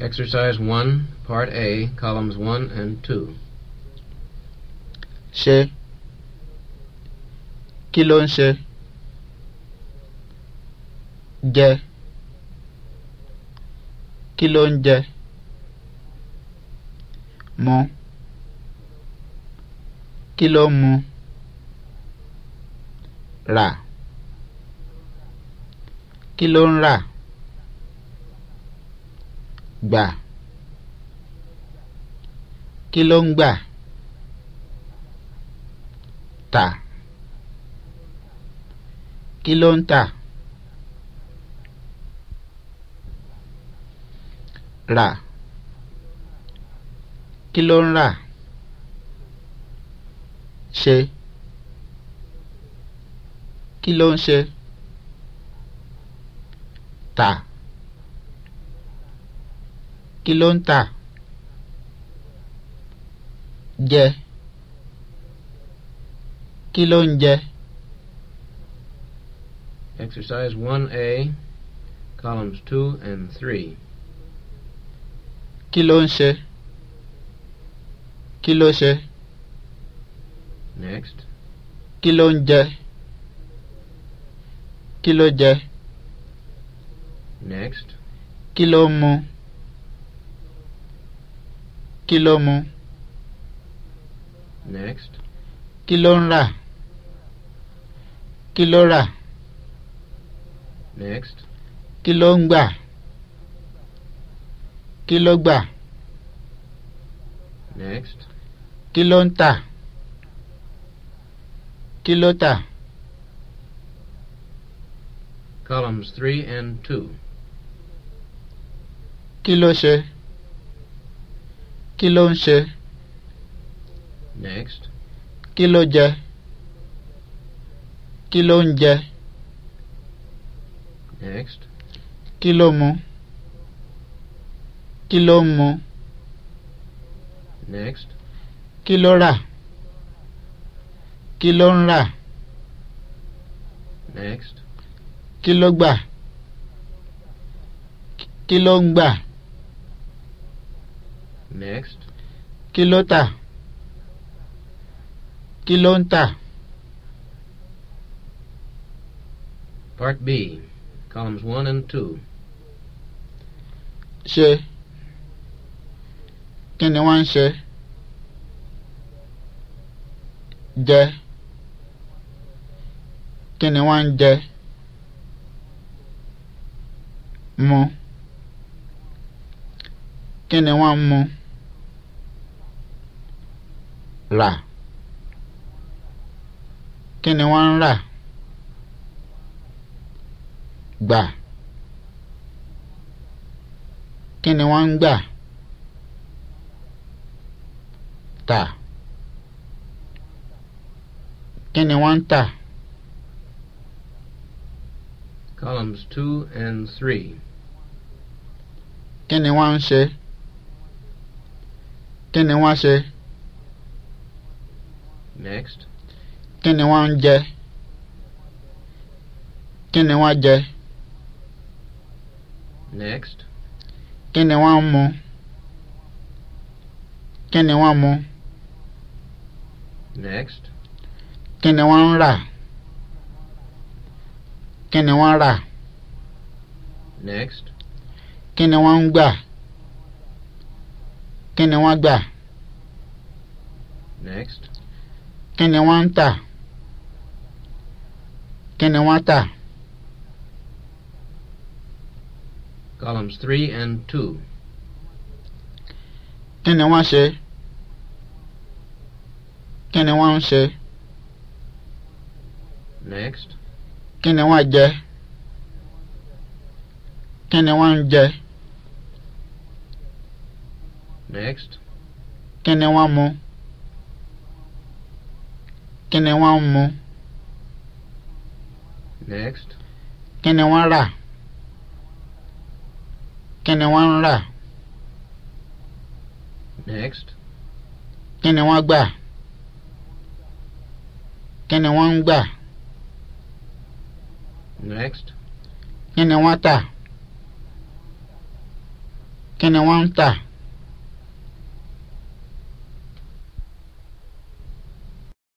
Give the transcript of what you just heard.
Exercise 1, Part A, columns 1 and 2. Ṣe. Kí ló ń ṣe? Jẹ. Kí ló ń jẹ? Mu. Kí ló ń mu? Rà. Kí ló ń rà? gbà kí ló ń gbà tà kí ló ń tà rà kí ló ń rà ṣe kí ló ń ṣe tà. kí ló ń tà jẹ kí ló ń jẹ. exercise one a columns two and three. kí ló ń ṣe kí ló ṣe. next. kí ló ń jẹ kí ló jẹ. next. kí ló ń mu. Kilomo. Next. Kilonra. Kilora. Next. Kilongba. Kilogba. Next. Kilonta. Kilota. Columns 3 and 2. Kiloshe. kí ló ń ṣe. next. kí ló jẹ. kí ló ń jẹ. next. kí ló mu. kí ló ń mu. next. kí ló rà. kí ló ń rà. next. kí ló gbà. kí ló ń gbà. Next. kilota, kilonta. Part B, columns one and two. She. Can ni wọ́n ń ṣe? Jẹ kí ni wọ́n ń jẹ? Mu kí ni rà kí ni wọ́n ń rà gbà kí ni wọ́n ń gbà tà kí ni wọ́n ń tà. columns two and three. kí ni wọ́n ń ṣe kí ni wọ́n ṣe. Next. Kí ni wọ́n ń jẹ? Kí wọ́n jẹ? Next. Kí ni wọ́n ń mu? Kí ni wọ́n mu? Next. Kí ni wọ́n ń rà? Kí wọ́n rà? Next. Kí ni wọ́n ń gbà? Kí wọ́n gbà? Next. kí ni ń tà tà. columns three and two. kí ni ṣe ń ṣe. next. kí ni jẹ ń jẹ. next. kí mu. kí wọ́n mu. next. kí ni wọ́n rà. kí wọ́n rà. next. kí ni wọ́n gbà. kí wọ́n gbà. next. kí ni wọ́n tà. kí wọ́n tà.